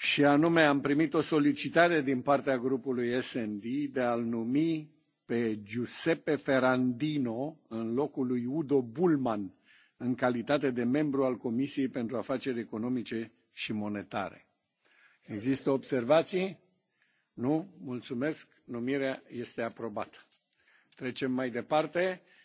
și anume am primit o solicitare din partea grupului SND de a-l numi pe Giuseppe Ferrandino în locul lui Udo Bullman în calitate de membru al Comisiei pentru Afaceri Economice și Monetare. Există observații? Nu? Mulțumesc. Numirea este aprobată. Trecem mai departe